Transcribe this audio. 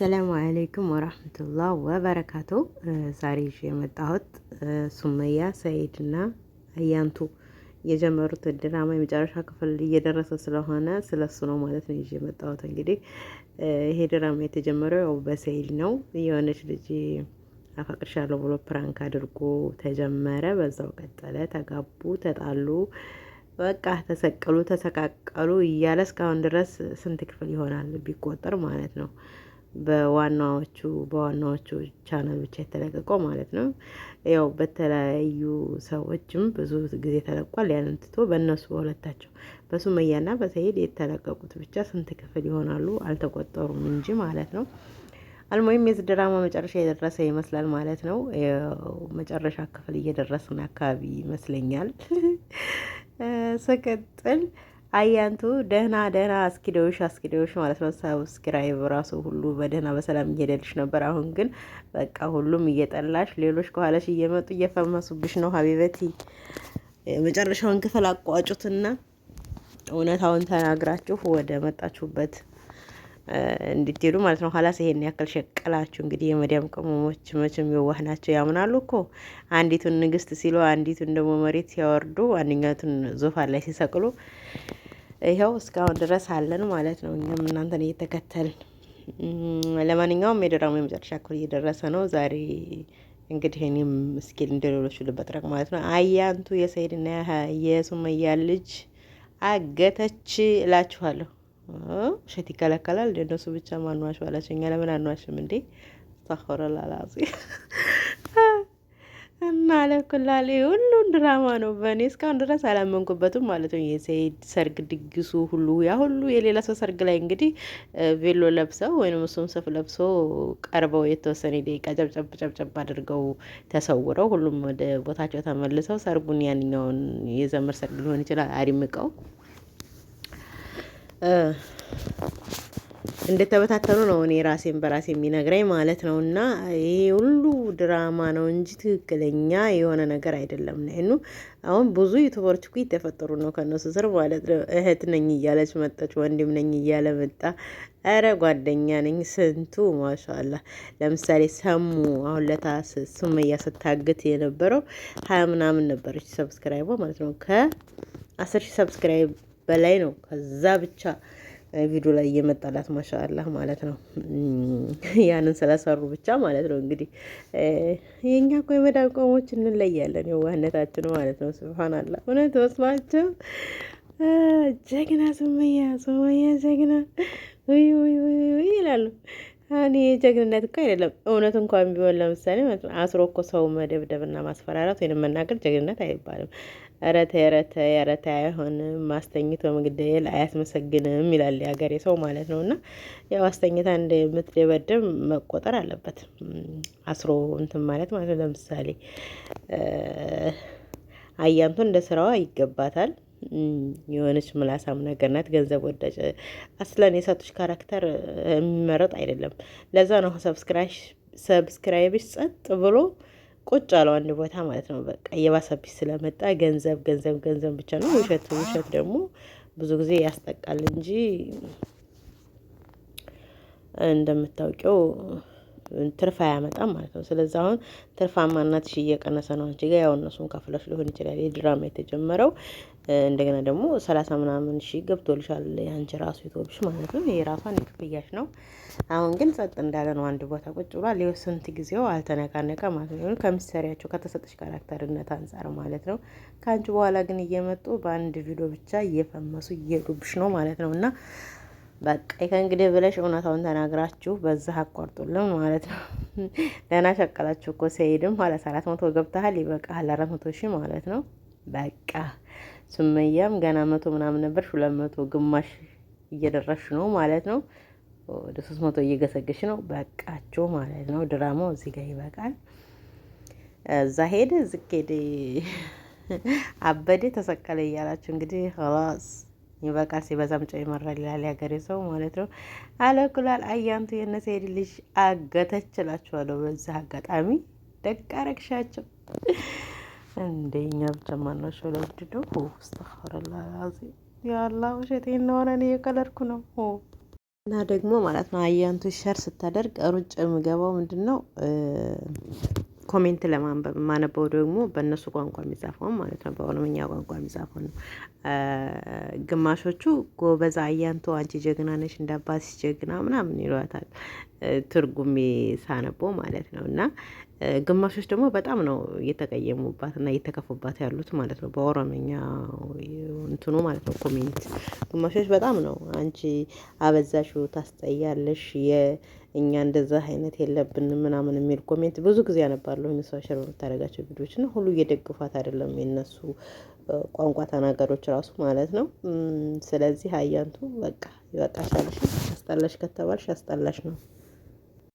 አሰላሙ አለይኩም ወራህመቱላህ ወበረካቱ። ዛሬ ይዤ የመጣሁት ሱመያ ሰኢድና አያንቱ የጀመሩት ድራማ የመጨረሻ ክፍል እየደረሰ ስለሆነ ስለሱ ነው ማለት ነው ይዤ የመጣሁት። እንግዲህ ይሄ ድራማ የተጀመረው ያው በሰኢድ ነው። የሆነች ልጅ አፈቅርሻለሁ ብሎ ፕራንክ አድርጎ ተጀመረ። በዛው ቀጠለ። ተጋቡ፣ ተጣሉ፣ በቃ ተሰቀሉ፣ ተሰቃቀሉ እያለ እስካሁን ድረስ ስንት ክፍል ይሆናል ቢቆጠር ማለት ነው። በዋናዎቹ በዋናዎቹ ቻናል ብቻ የተለቀቀው ማለት ነው። ያው በተለያዩ ሰዎችም ብዙ ጊዜ ተለቋል። ያንን ትቶ በእነሱ በሁለታቸው በሱመያና በሰሄድ የተለቀቁት ብቻ ስንት ክፍል ይሆናሉ አልተቆጠሩም እንጂ ማለት ነው። አልሞይም የዚህ ድራማ መጨረሻ የደረሰ ይመስላል ማለት ነው። መጨረሻ ክፍል እየደረስን አካባቢ ይመስለኛል። ስቀጥል አያንቱ ደህና ደህና አስኪደውሽ አስኪደውሽ ማለት ነው። ሰብስክራይብ ራሱ ሁሉ በደህና በሰላም እየሄደልሽ ነበር። አሁን ግን በቃ ሁሉም እየጠላሽ፣ ሌሎች ከኋላሽ እየመጡ እየፈመሱብሽ ነው። ሀቢበቲ የመጨረሻውን ክፍል አቋጩትና እውነታውን ተናግራችሁ ወደ መጣችሁበት እንድትሄዱ ማለት ነው። ኋላስ ይሄን ያክል ሸቀላችሁ። እንግዲህ የመዲያም ቅመሞች መቼም የዋህ ናቸው፣ ያምናሉ እኮ አንዲቱን ንግስት ሲሉ አንዲቱን ደግሞ መሬት ሲያወርዱ አንደኛቱን ዙፋን ላይ ሲሰቅሉ ይኸው እስካሁን ድረስ አለን ማለት ነው። እኛም እናንተን እየተከተልን ለማንኛውም የድራማው የመጨረሻ ክፍል እየደረሰ ነው። ዛሬ እንግዲህ እኔም እስኪል እንደሌሎቹ ልበጥረቅ ማለት ነው። አያንቱ የሰይድና የሱመያ ልጅ አገተች እላችኋለሁ። ውሸት ይከለከላል። እነሱ ብቻ ማንዋሽ ባላቸው እኛ ለምን አንዋሽም እንዴ? ስታፈረላላዚ አለኩላል ሁሉን ድራማ ነው። በእኔ እስካሁን ድረስ አላመንኩበትም ማለት ነው። የሰይድ ሰርግ ድግሱ ሁሉ ያ ሁሉ የሌላ ሰው ሰርግ ላይ እንግዲህ ቬሎ ለብሰው ወይም እሱም ሱፍ ለብሶ ቀርበው የተወሰነ ደቂቃ ጨብጨብ ጨብጨብ አድርገው ተሰውረው ሁሉም ወደ ቦታቸው ተመልሰው ሰርጉን ያንኛውን የዘመር ሰርግ ሊሆን ይችላል አድምቀው እንደተበታተኑ ነው እኔ ራሴን በራሴ የሚነግረኝ ማለት ነው። እና ይሄ ሁሉ ድራማ ነው እንጂ ትክክለኛ የሆነ ነገር አይደለም። ነኑ አሁን ብዙ ዩቱበሮች እኮ የተፈጠሩ ነው ከነሱ ስር ማለት ነው። እህት ነኝ እያለች መጣች፣ ወንድም ነኝ እያለ መጣ፣ ኧረ ጓደኛ ነኝ ስንቱ ማሻላ። ለምሳሌ ሰሙ አሁን ለታ ሱመያ ስታግት የነበረው ሀያ ምናምን ነበረች ሰብስክራይቧ ማለት ነው ከአስር ሺህ ሰብስክራይብ በላይ ነው ከዛ ብቻ ቪዲዮ ላይ እየመጣላት ማሻአላህ ማለት ነው። ያንን ስለሰሩ ብቻ ማለት ነው። እንግዲህ የእኛ እኮ የመዳን ቆሞች እንለያለን የዋህነታችን ማለት ነው። ስብሓናላህ እውነት ወስማቸው ጀግና ሱመያ ሱመያ ጀግና ይላሉ። እኔ ጀግንነት እኮ አይደለም። እውነት እንኳን ቢሆን ለምሳሌ አስሮ እኮ ሰው መደብደብና ማስፈራራት ወይም መናገር ጀግንነት አይባልም። ረተ ረተ ረተ አይሆንም። ማስተኝት በመግደል አያስመሰግንም ይላል የሀገሬ ሰው ማለት ነው። እና ያው አስተኝታ እንደምትደበደብ መቆጠር አለበት። አስሮ እንትን ማለት ማለት ለምሳሌ አያንቱ እንደ ስራዋ ይገባታል። የሆነች ምላሳም ነገር ናት። ገንዘብ ወዳጅ አስለን የሰቶች ካራክተር የሚመረጥ አይደለም። ለዛ ነው ሰብስክራይብሽ ጸጥ ብሎ ቁጭ አለው አንድ ቦታ ማለት ነው። በቃ የባሰብሽ ስለመጣ ገንዘብ ገንዘብ ገንዘብ ብቻ ነው። ውሸት ውሸት ደግሞ ብዙ ጊዜ ያስጠቃል እንጂ እንደምታውቂው ትርፍ አያመጣም ማለት ነው። ስለዚ አሁን ትርፋማነትሽ እየቀነሰ ነው። አንቺ ጋር ያው እነሱን ከፍለሽ ሊሆን ይችላል የድራማ የተጀመረው። እንደገና ደግሞ ሰላሳ ምናምን ሺ ገብቶልሻል አንቺ ራሱ የተወልሽ ማለት ነው። ይሄ ራሷን የክፍያሽ ነው። አሁን ግን ጸጥ እንዳለ ነው። አንድ ቦታ ቁጭ ብሏል። ይኸው ስንት ጊዜው አልተነካነቀ ማለት ነው። ከምትሰሪያቸው ከተሰጠሽ ካራክተርነት አንጻር ማለት ነው። ከአንቺ በኋላ ግን እየመጡ በአንድ ቪዲዮ ብቻ እየፈመሱ እየዱብሽ ነው ማለት ነው እና በቃ ከእንግዲህ ብለሽ እውነታውን ተናግራችሁ በዛ አቋርጡልን ማለት ነው። ደህና ሸቀላችሁ እኮ ሲሄድም ማለት አራት መቶ ገብተሃል ይበቃሃል፣ አራት መቶ ሺህ ማለት ነው። በቃ ሱመያም ገና መቶ ምናምን ነበር ሁለት መቶ ግማሽ እየደረሽ ነው ማለት ነው። ወደ ሶስት መቶ እየገሰገሽ ነው። በቃችሁ ማለት ነው። ድራማው እዚህ ጋር ይበቃል። እዛ ሄደ ዝቅ አበዴ ተሰቀለ እያላችሁ እንግዲህ ኸላስ ይበቃል። ሲበዛም ጨው ይመራል ይላል ያገሬ ሰው ማለት ነው። አለኩላል አያንቱ የነሰ ሄድ ልጅ አገተች እላችኋለሁ። በዚህ አጋጣሚ ደግ አረግሻቸው እንደ እኛ ብቻ ማናቸው ለውድ ነው ስተረላ ያላ ውሸት እንደሆነ እኔ ነው። እና ደግሞ ማለት ነው አያንቱ ሸር ስታደርግ ሩጭ የምገባው ምንድን ነው? ኮሜንት ለማንበብ የማነበው ደግሞ በእነሱ ቋንቋ የሚጻፈውን ማለት ነው፣ በኦሮምኛ ቋንቋ የሚጻፈው ነው። ግማሾቹ ጎበዝ አያንቶ አንቺ ጀግና ነሽ እንዳባስሽ ጀግና ምናምን ይሏታል፣ ትርጉሜ ሳነበው ማለት ነው። እና ግማሾች ደግሞ በጣም ነው እየተቀየሙባት እና እየተከፉባት ያሉት ማለት ነው፣ በኦሮምኛ እንትኑ ማለት ነው። ኮሜንት ግማሾች በጣም ነው አንቺ አበዛሹ ታስጠያለሽ እኛ እንደዛ አይነት የለብን ምናምን የሚል ኮሜንት ብዙ ጊዜ ያነባለሁ። እሷ ሸር በምታደርጋቸው ቪዲዮች እና ሁሉ እየደግፏት አይደለም የነሱ ቋንቋ ተናጋሪዎች ራሱ ማለት ነው። ስለዚህ አያንቱ በቃ ይበቃሻል። አስጠላሽ ከተባልሽ አስጠላሽ ነው።